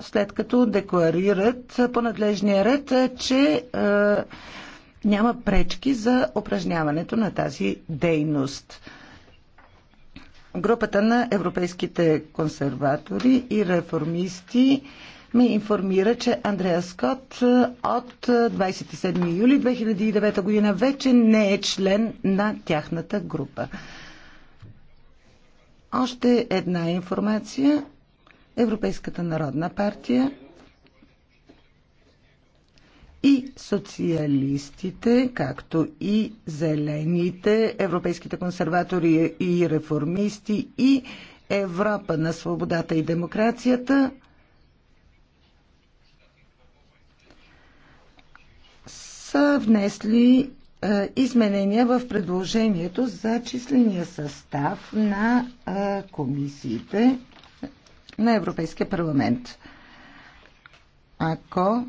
след като декларират по надлежния ред, че е, няма пречки за упражняването на тази дейност. Групата на европейските консерватори и реформисти ме информира, че Андреа Скот е, от 27 юли 2009 година вече не е член на тяхната група. Още една информация. Европейската народна партия и социалистите, както и зелените, европейските консерватори и реформисти и Европа на свободата и демокрацията са внесли е, изменения в предложението за числения състав на е, комисиите на Европейския парламент. Ако